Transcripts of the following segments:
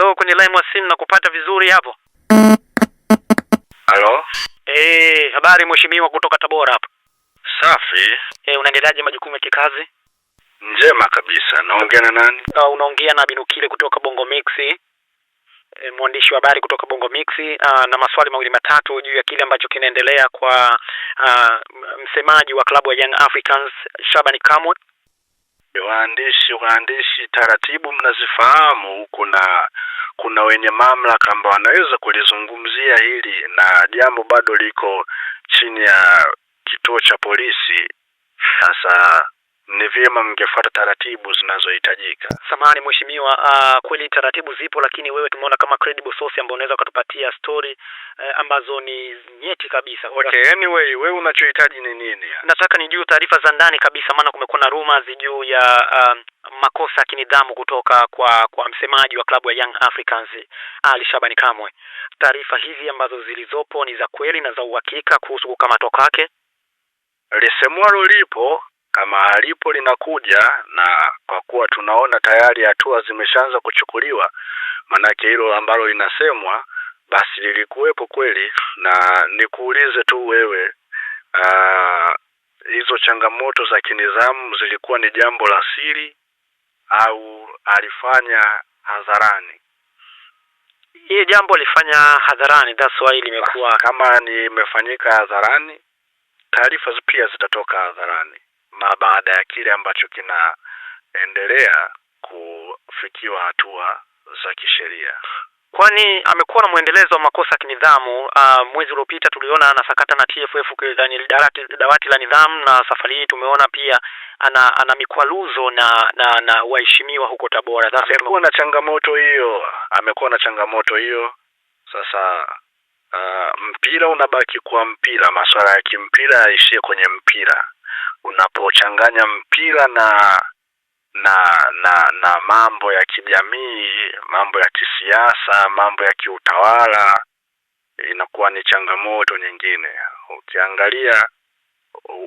Halo, kwenye line wa simu nakupata vizuri hapo. Halo. Eh, habari mheshimiwa kutoka Tabora hapa. Safi. Eh, unaendeleaje majukumu ya kikazi? Njema kabisa. Naongea na nani? Uh, unaongea na Binukile kutoka Bongo Mix. E, mwandishi wa habari kutoka Bongo Mix ah, na maswali mawili matatu juu ya kile ambacho kinaendelea kwa uh, msemaji wa klabu ya Young Africans Shabani Kamwe. Waandishi waandishi, taratibu mnazifahamu huko na kuna wenye mamlaka ambao wanaweza kulizungumzia hili na jambo bado liko chini ya kituo cha polisi. Sasa ni vyema mngefuata taratibu zinazohitajika. Samahani mheshimiwa, uh, kweli taratibu zipo, lakini wewe tumeona kama credible source ambayo unaweza ukatupatia story uh, ambazo ni nyeti kabisa. Okay, anyway, wewe unachohitaji ni nini? Nataka nijue taarifa za ndani kabisa, maana kumekuwa na rumors juu ya uh, makosa ya kinidhamu kutoka kwa kwa msemaji wa klabu ya Young Africans Ali Shabani Kamwe. Taarifa hizi ambazo zilizopo ni za kweli na za uhakika kuhusu kukamatwa kwake? Lisemwalo lipo kama alipo linakuja, na kwa kuwa tunaona tayari hatua zimeshaanza kuchukuliwa, manake hilo ambalo linasemwa basi lilikuwepo kweli. Na nikuulize tu wewe, ah, hizo changamoto za kinidhamu zilikuwa ni jambo la siri au alifanya hadharani? Hii jambo alifanya hadharani, that's why limekuwa. Kama nimefanyika hadharani, taarifa pia zitatoka hadharani na baada ya kile ambacho kinaendelea kufikiwa hatua za kisheria kwani amekuwa na mwendelezo wa makosa ya kinidhamu. Uh, mwezi uliopita tuliona anasakata na TFF dawati la nidhamu, na safari hii tumeona pia ana, ana mikwaluzo na na, na waheshimiwa huko Tabora. Sasa amekuwa na changamoto hiyo, amekuwa na changamoto hiyo. Sasa uh, mpira unabaki kuwa mpira, masuala ya kimpira yaishie kwenye mpira unapochanganya mpira na na na na mambo ya kijamii, mambo ya kisiasa, mambo ya kiutawala, inakuwa ni changamoto nyingine. Ukiangalia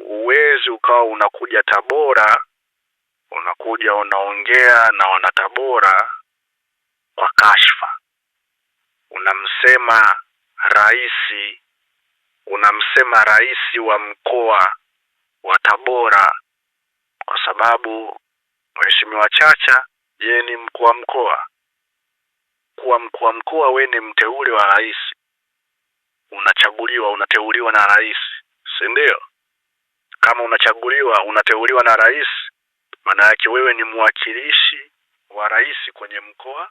uwezi ukawa unakuja Tabora, unakuja unaongea na wana Tabora kwa kashfa, unamsema rais, unamsema rais wa mkoa wa Tabora kwa sababu Mheshimiwa Chacha yeye ni mkuu wa mkoa. Kuwa mkuu wa mkoa, we ni mteule wa rais, unachaguliwa unateuliwa na rais, si ndio? Kama unachaguliwa unateuliwa na rais, maana yake wewe ni mwakilishi wa rais kwenye mkoa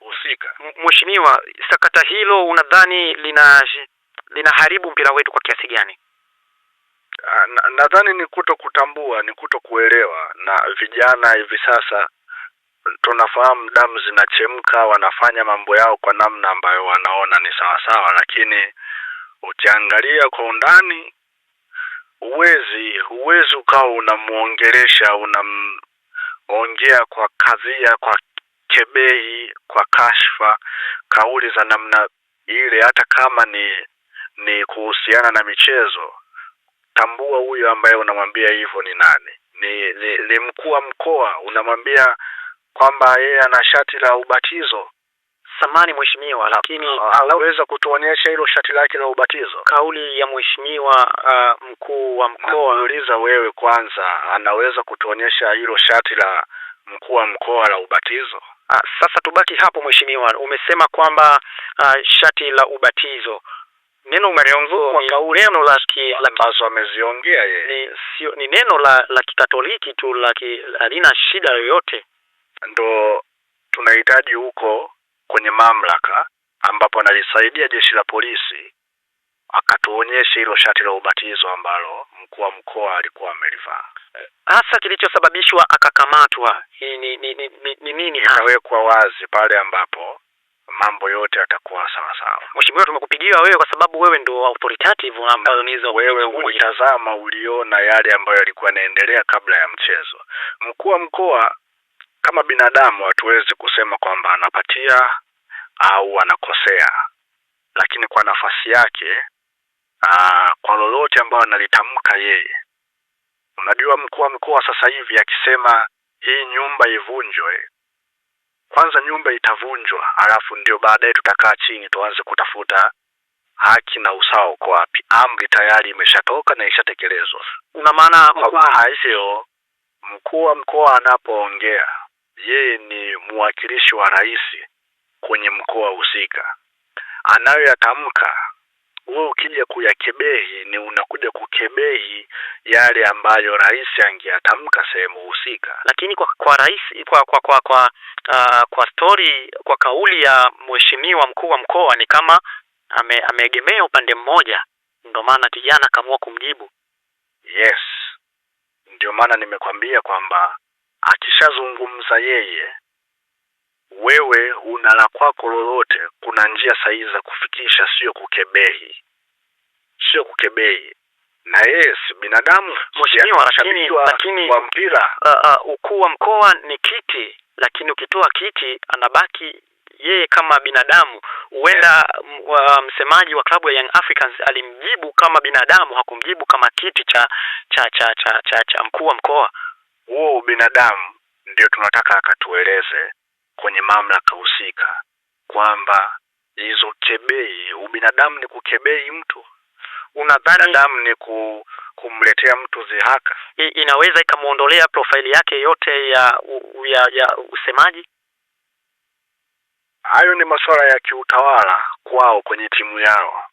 husika. Mheshimiwa, sakata hilo unadhani lina linaharibu mpira wetu kwa kiasi gani? Ah, nadhani ni kuto kutambua, ni kuto kuelewa. Na vijana hivi sasa tunafahamu damu zinachemka, wanafanya mambo yao kwa namna ambayo wanaona ni sawasawa, lakini ukiangalia kwa undani huwezi huwezi ukawa unamwongelesha unamongea kwa kadhia, kwa kebehi, kwa kashfa, kauli za namna ile, hata kama ni ni kuhusiana na michezo tambua huyo ambaye unamwambia hivyo ni nani. Ni, ni, ni mkuu wa mkoa, unamwambia kwamba yeye ana shati la ubatizo. Samani mheshimiwa, lakini anaweza uh, kutuonyesha hilo shati lake la ubatizo. Kauli ya mheshimiwa uh, mkuu wa mkoa. uliza wewe kwanza, anaweza kutuonyesha hilo shati la mkuu wa mkoa la ubatizo? Ah, sasa tubaki hapo mheshimiwa, umesema kwamba uh, shati la ubatizo ni neno umeliongoa mwaka huu, neno la ambazo ameziongea yeye ni, sio, ni neno la la kikatoliki tu la halina shida yoyote. Ndo tunahitaji huko kwenye mamlaka ambapo analisaidia jeshi la polisi, akatuonyeshe hilo shati la ubatizo ambalo mkuu wa mkoa alikuwa amelivaa, hasa kilichosababishwa akakamatwa ni nini, hawekwa wazi pale ambapo mambo yote yatakuwa sawa sawa. Mheshimiwa, tumekupigia wewe kwa sababu wewe ndio authoritative ambazo wewe ulitazama, uliona yale ambayo yalikuwa yanaendelea kabla ya mchezo. Mkuu wa mkoa kama binadamu hatuwezi kusema kwamba anapatia au anakosea, lakini kwa nafasi yake aa, ah, kwa lolote ambayo analitamka yeye, unajua mkuu wa mkoa sasa hivi akisema hii nyumba ivunjwe kwanza nyumba itavunjwa, alafu ndio baadaye tutakaa chini tuanze kutafuta haki na usawa uko wapi. Amri tayari imeshatoka na ishatekelezwa. Una maana kwa mkuu wa mkoa anapoongea, yeye ni mwakilishi wa rais kwenye mkoa husika, anayoyatamka wewe ukija kuyakebehi ni unakuja kukebehi yale ambayo rais angeyatamka sehemu husika. Lakini kwa kwa rais kwa kwa kwa kwa, uh, kwa stori kwa kauli ya mheshimiwa mkuu wa mkoa ni kama ame, ameegemea upande mmoja, ndio maana kijana akaamua kumjibu. Yes, ndio maana nimekwambia kwamba akishazungumza yeye wewe una la kwako lolote, kuna njia sahihi za kufikisha, sio kukebehi, sio kukebehi na yeye si binadamu mheshimiwa, lakini lakini wa mpira uh, uh, ukuu wa mkoa ni kiti, lakini ukitoa kiti anabaki yeye kama binadamu. Huenda uh, msemaji wa klabu ya Young Africans alimjibu kama binadamu, hakumjibu kama kiti cha cha cha cha cha, cha mkuu wa mkoa. Huo ubinadamu ndio tunataka akatueleze kwenye mamlaka husika kwamba hizo kebei, ubinadamu ni kukebei mtu unadhani mm. damu ni ku, kumletea mtu zihaka I, inaweza ikamwondolea profaili yake yote ya u, ya, ya usemaji. Hayo ni masuala ya kiutawala kwao kwenye timu yao.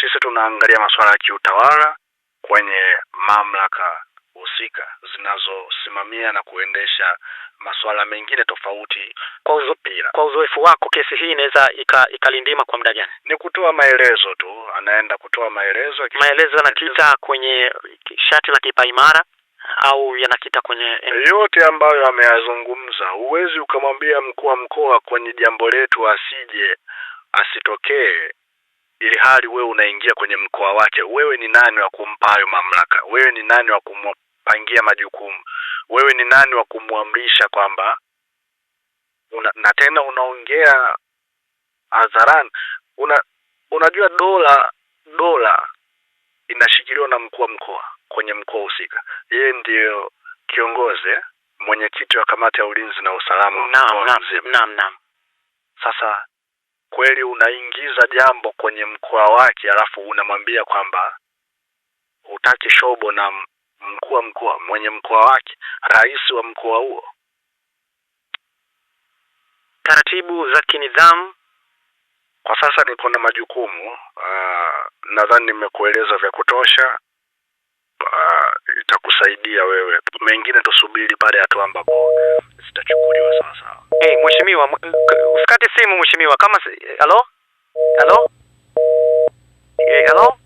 Sisi tunaangalia masuala ya kiutawala kwenye mamlaka husika zinazosimamia na kuendesha masuala mengine tofauti. Kwa uzoefu kwa uzoefu wako, kesi hii inaweza ikalindima kwa muda gani? Ni kutoa maelezo tu, anaenda kutoa maelezo. Maelezo yanakita kwenye shati la kipaimara au yanakita kwenye yote ambayo ameyazungumza. Huwezi ukamwambia mkuu wa mkoa kwenye jambo letu asije asitokee ili hali wewe unaingia kwenye mkoa wake. Wewe ni nani wa kumpa hayo mamlaka? Wewe ni nani wa kupangia majukumu. Wewe ni nani wa kumwamrisha kwamba una, na tena unaongea hadharani. Una, unajua dola dola inashikiliwa na mkuu wa mkoa kwenye mkoa husika, yeye ndiyo kiongozi mwenyekiti wa kamati ya ulinzi na usalama. Naam, naam, naam, naam. Sasa kweli unaingiza jambo kwenye mkoa wake, alafu unamwambia kwamba hutaki shobo na mkuu wa mkoa, mwenye mkoa wake, rais wa mkoa huo. Taratibu za kinidhamu kwa sasa niko na majukumu ah, nadhani nimekueleza vya kutosha. Uh, itakusaidia wewe, mengine tusubiri pale ya hatua ambapo zitachukuliwa sawa sawa. Hey, mheshimiwa, usikate simu mheshimiwa, kama halo halo, hey,